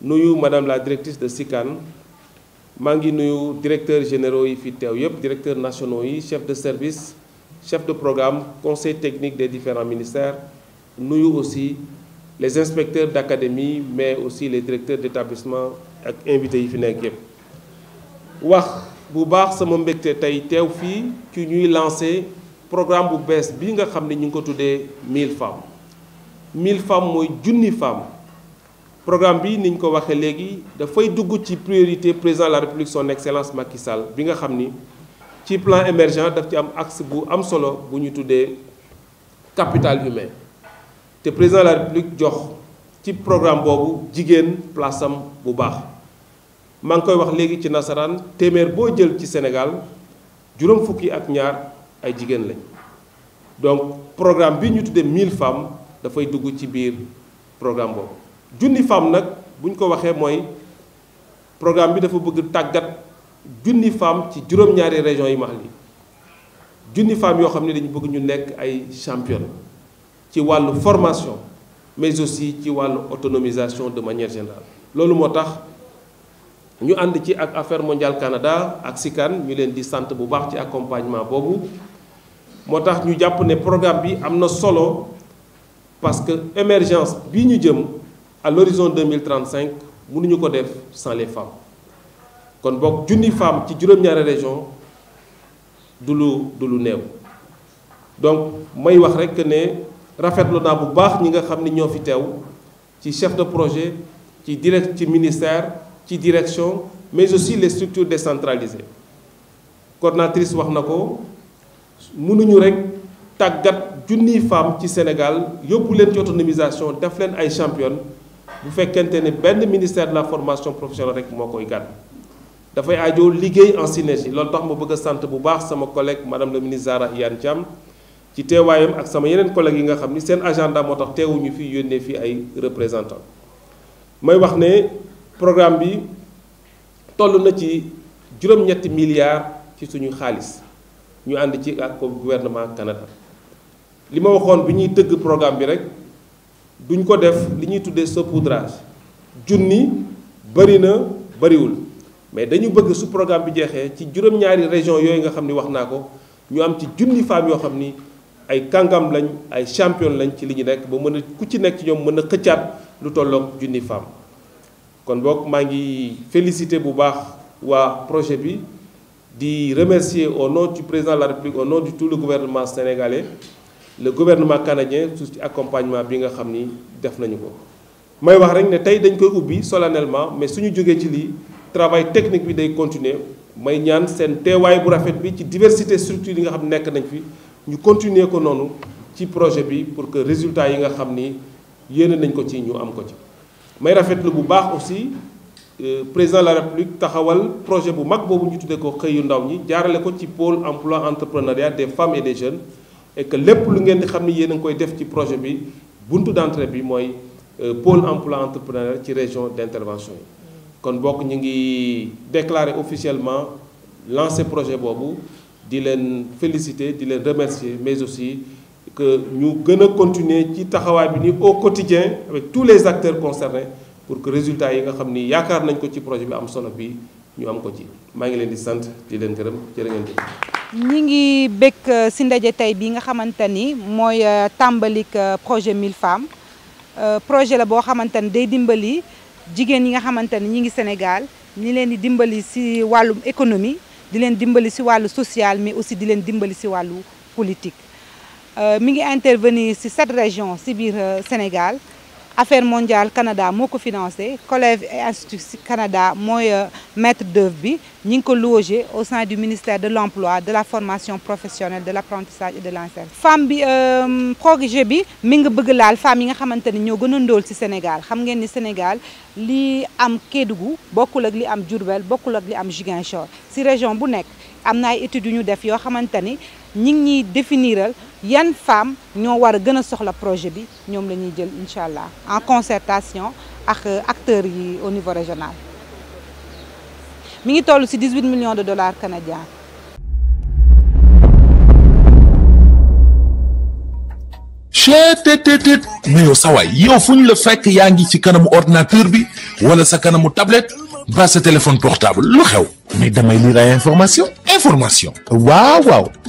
nuyu madame la directrice de SICAN maa ngi nuyu directeurs généraux yi fi teew yëpp directeurs nationaux yi chef de service chef de programme conseil technique des différents ministères nuyu aussi les inspecteurs d'académie mais aussi les directeurs d'établissement ak invités yi fi nekk yëpp wax bu baax sama mbégte tey teew fii ci ñuy lancer programme bu bees bii nga xam ne ñu ngi ko tuddee mille femmes mille femmes mooy junni femmes programme bi ni ko waxee léegi dafay dugg ci priorité président de la république son excellence makisal bi nga xam ni ci plan émergent daf ci am axe bu am solo bu ñu tuddee capital humain te président de la république jox ci programme boobu jigéen place bu baax maa ngi koy wax léegi ci nasaraan téeméer boo jël ci Sénégal juróom fukki ak ñaar ay jigéen lañ donc programme bi ñu tuddee 1000 femmes dafay dugg ci biir programme boobu junni femme nag bu ñu ko waxee mooy programme bi dafa bëgg tàggat junni femme ci juróom-ñaari région yi max li junni femme yoo xam ne dañu bëgg ñu nekk ay championne ci wàll formation mais aussi ci wàllu autonomisation de manière générale loolu moo tax ñu ànd ci ak affaire mondiale Canada ak SICAN ñu leen di sant bu baax ci accompagnement boobu moo tax ñu jàpp ne programme bi am na solo parce que émergence bii ñu jëm à l'horizon 2035 mënuñu ko def sans les femmes kon bokk junni femmes ci juróom-ñaari région du lu du lu néew donc may wax rekk ne rafetlu naa bu baax ñi nga xam ni ñoo fi teew ci chef de projet ci direct ci ministère ci direction mais aussi les structures décentralisées cordinatrice wax na ko mënuñu rekk tàggat junni femmes ci Sénégal yóbbu leen ci autonomisation def leen ay championne bu fekkente ne benn ministère de la formation professionnelle rek moo koy gàddu dafay aajo liggéey en synergie loolu tax ma bëgg a sant bu baax sama collègue madame la ministre Zahra Iyane Thiam ci teewaayam ak sama yeneen collègues yi nga xam ni seen agenda moo tax teewuñu fi yónnee fii ay représentants may wax ne programme bi toll na ci juróom-ñetti milliards ci suñu xaalis ñu ànd ci ak gouvernement Canada li ma waxoon bi ñuy tëgg programme bi rek. duñ ko def li ñuy tuddee saupoudrage junni bëri na bëriwul mais dañu bëgg su programme bi jeexee ci juróom-ñaari région yooyu nga xam ni wax naa ko ñu am ci junni femmes yoo xam ni ay kàngam lañ ay champion lañ ci li ñu nekk ba mën a ku ci nekk ci ñoom mën a xëccaat lu tolloog junni femmes kon boog maa ngi félicité bu baax waa projet bi di remercier au nom du président de la République au nom tout le gouvernement sénégalais le gouvernement canadien su ci accompagnement bi nga xam ni def nañu ko may wax rek ne tey dañ koy ubbi solennellement mais suñu jógee ci lii travail technique bi day continuer may ñaan seen teewaay bu rafet bi ci diversité structure yi nga xam nekk nañ fi ñu continuer ko noonu ci projet bi pour que résultat yi nga xam ni yéene nañ ko ci ñu am ko ci may rafetlu bu baax aussi euh, président de la république taxawal projet bu mag boobu ñu tuddee ko xëyu ndaw ñi jaarale ko ci pôle emploi entrepreneuriat des femmes des jeunes et lépp lu ngeen di xam ni yéen nga koy def ci projet bi buntu d'entrée bi mooy euh, pôle emploi entrepreneuriat ci région d'intervention yi kon bokk ñu ngi déclarer officiellement lancer projet boobu di leen féliciter di leen remercier mais aussi que ñu gën a continuer ci taxawaay bi ni au quotidien avec tous les acteurs concernés pour que résultats yi nga xam ni yaakaar nañ ko ci projet bi am solo bi ñu am ko ci maa ngi leen di sant di leen gërëm jërë ngeen jëf ñi ngi bëgg euh, si ndaje tey bi nga xamante ni mooy euh, tàmbalik euh, projet 1000 femmes projet la boo xamante ni day dimbali jigéen yi nga xamante ni ñi ngi Sénégal ñi leen di dimbali si wàllu économie di leen dimbali si wàllu social mais aussi di leen dimbali si wàllu politique mi ngi intervenir si sept région si biir Sénégal affaire mondiales Canada moo ko financé Collège et Institut Canada mooy euh, maître d'œuvre bi ñi ngi ko logé au sein du ministère de l'emploi de la formation professionnelle de l'apprentissage et de l'insertion femme bi euh, projet bi mi nga bëgg laal femmes yi nga xamante ni ñoo gën a ndóol ci Sénégal xam ngeen ni Sénégal li am Kédougou bokkul ak li am Diourbel bokkul ak li am Ziguinchor ci région bu nekk am na ay études yu ñu def yoo xamante ni ñi ngi ñuy définiral yan femmes ñoo war a gën a soxla projet bi ñoom la ñuy jël incha allah en concertation ak euh, acteurs yi au niveau régional mi ngi toll ci 18 millions de dollars canadiens. cttt mais yow sawaay yow fu ñu la fekk yaa ngi ci kanamu ordinateur bi wala sa kanamu tablette ba sa téléphone portable lu xew mais damay lire ay information information waaw waaw